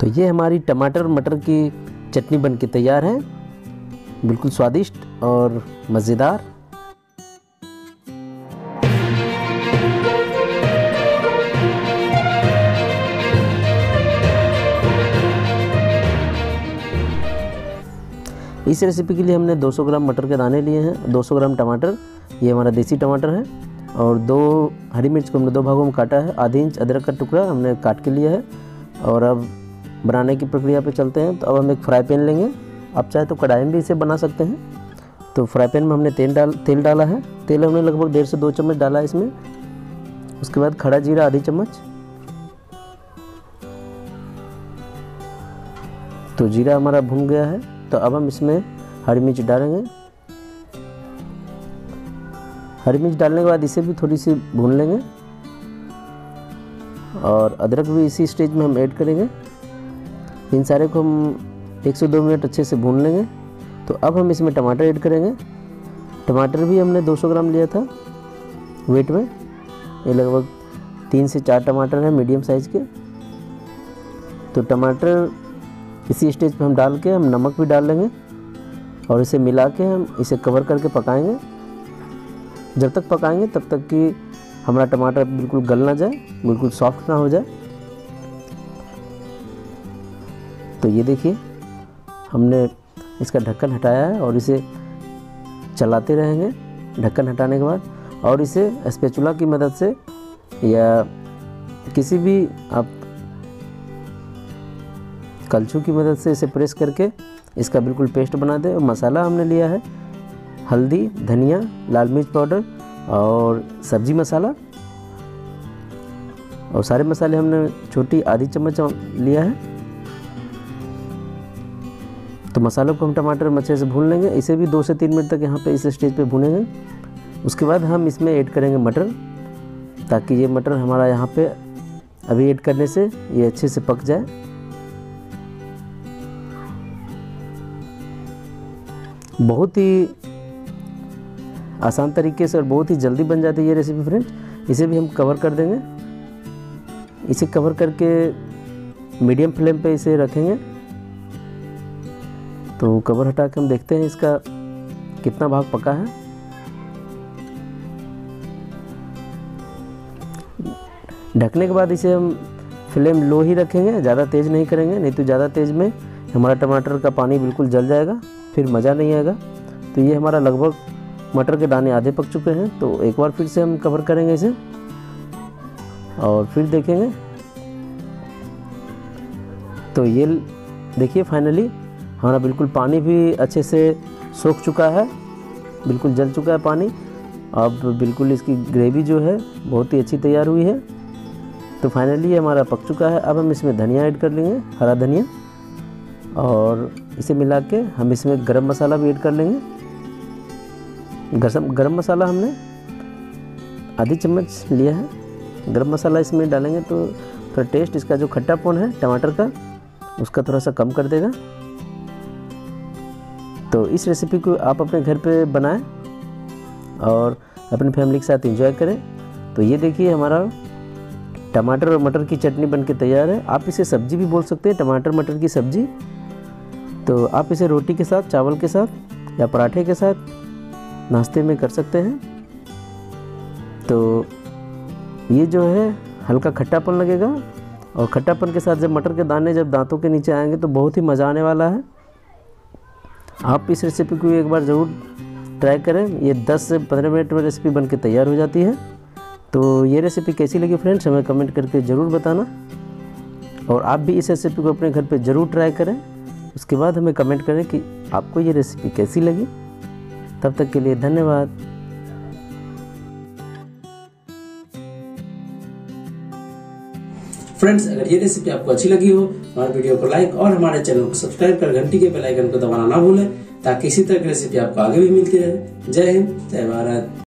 तो ये हमारी टमाटर मटर की चटनी बन के तैयार है बिल्कुल स्वादिष्ट और मज़ेदार इस रेसिपी के लिए हमने 200 ग्राम मटर के दाने लिए हैं 200 ग्राम टमाटर ये हमारा देसी टमाटर है और दो हरी मिर्च को हमने दो भागों में काटा है आधी इंच अदरक का टुकड़ा हमने काट के लिया है और अब बनाने की प्रक्रिया पे चलते हैं तो अब हम एक फ्राई पैन लेंगे आप चाहे तो कढ़ाई में भी इसे बना सकते हैं तो फ्राई पैन में हमने तेल डाल तेल डाला है तेल हमने लगभग डेढ़ से दो चम्मच डाला है इसमें उसके बाद खड़ा जीरा आधी चम्मच तो जीरा हमारा भून गया है तो अब हम इसमें हरी मिर्च डालेंगे हरी मिर्च डालने के बाद इसे भी थोड़ी सी भून लेंगे और अदरक भी इसी स्टेज में हम ऐड करेंगे इन सारे को हम 102 मिनट अच्छे से भून लेंगे तो अब हम इसमें टमाटर ऐड करेंगे टमाटर भी हमने 200 ग्राम लिया था वेट में ये लगभग तीन से चार टमाटर हैं मीडियम साइज़ के तो टमाटर इसी स्टेज पे हम डाल के हम नमक भी डाल लेंगे और इसे मिला के हम इसे कवर करके पकाएंगे जब तक पकाएंगे तब तक कि हमारा टमाटर बिल्कुल गल ना जाए बिल्कुल सॉफ्ट ना हो जाए तो ये देखिए हमने इसका ढक्कन हटाया है और इसे चलाते रहेंगे ढक्कन हटाने के बाद और इसे स्पेचुला की मदद से या किसी भी आप कलछू की मदद से इसे प्रेस करके इसका बिल्कुल पेस्ट बना दें मसाला हमने लिया है हल्दी धनिया लाल मिर्च पाउडर और सब्जी मसाला और सारे मसाले हमने छोटी आधी चम्मच लिया है तो मसालों को हम टमाटर अच्छे से भून लेंगे इसे भी दो से तीन मिनट तक यहाँ पे इस स्टेज पे भूनेंगे उसके बाद हम इसमें ऐड करेंगे मटर ताकि ये मटर हमारा यहाँ पे अभी ऐड करने से ये अच्छे से पक जाए बहुत ही आसान तरीके से और बहुत ही जल्दी बन जाती है ये रेसिपी फ्रेंड इसे भी हम कवर कर देंगे इसे कवर करके मीडियम फ्लेम पे इसे रखेंगे तो कवर हटा के हम देखते हैं इसका कितना भाग पका है ढकने के बाद इसे हम फ्लेम लो ही रखेंगे ज़्यादा तेज़ नहीं करेंगे नहीं तो ज़्यादा तेज़ में हमारा टमाटर का पानी बिल्कुल जल जाएगा फिर मज़ा नहीं आएगा तो ये हमारा लगभग मटर के दाने आधे पक चुके हैं तो एक बार फिर से हम कवर करेंगे इसे और फिर देखेंगे तो ये देखिए फाइनली हमारा बिल्कुल पानी भी अच्छे से सूख चुका है बिल्कुल जल चुका है पानी अब बिल्कुल इसकी ग्रेवी जो है बहुत ही अच्छी तैयार हुई है तो फाइनली ये हमारा पक चुका है अब हम इसमें धनिया ऐड कर लेंगे हरा धनिया और इसे मिला के हम इसमें गरम मसाला भी ऐड कर लेंगे गरम गरम मसाला हमने आधी चम्मच लिया है गरम मसाला इसमें डालेंगे तो थोड़ा टेस्ट इसका जो खट्टापन है टमाटर का उसका थोड़ा सा कम कर देगा तो इस रेसिपी को आप अपने घर पे बनाएं और अपनी फैमिली के साथ एंजॉय करें तो ये देखिए हमारा टमाटर और मटर की चटनी बनके तैयार है आप इसे सब्जी भी बोल सकते हैं टमाटर मटर की सब्जी तो आप इसे रोटी के साथ चावल के साथ या पराठे के साथ नाश्ते में कर सकते हैं तो ये जो है हल्का खट्टापन लगेगा और खट्टापन के साथ जब मटर के दाने जब दांतों के नीचे आएंगे तो बहुत ही मज़ा आने वाला है आप इस रेसिपी को एक बार ज़रूर ट्राई करें ये 10 से 15 मिनट में रेसिपी बन के तैयार हो जाती है तो ये रेसिपी कैसी लगी फ्रेंड्स हमें कमेंट करके ज़रूर बताना और आप भी इस रेसिपी को अपने घर पे ज़रूर ट्राई करें उसके बाद हमें कमेंट करें कि आपको ये रेसिपी कैसी लगी तब तक के लिए धन्यवाद फ्रेंड्स अगर ये रेसिपी आपको अच्छी लगी हो हमारे वीडियो को लाइक और हमारे चैनल को सब्सक्राइब कर घंटी के बेलाइकन को दबाना ना भूलें ताकि इसी तरह की रेसिपी आपको आगे भी मिलती रहे जय हिंद जय भारत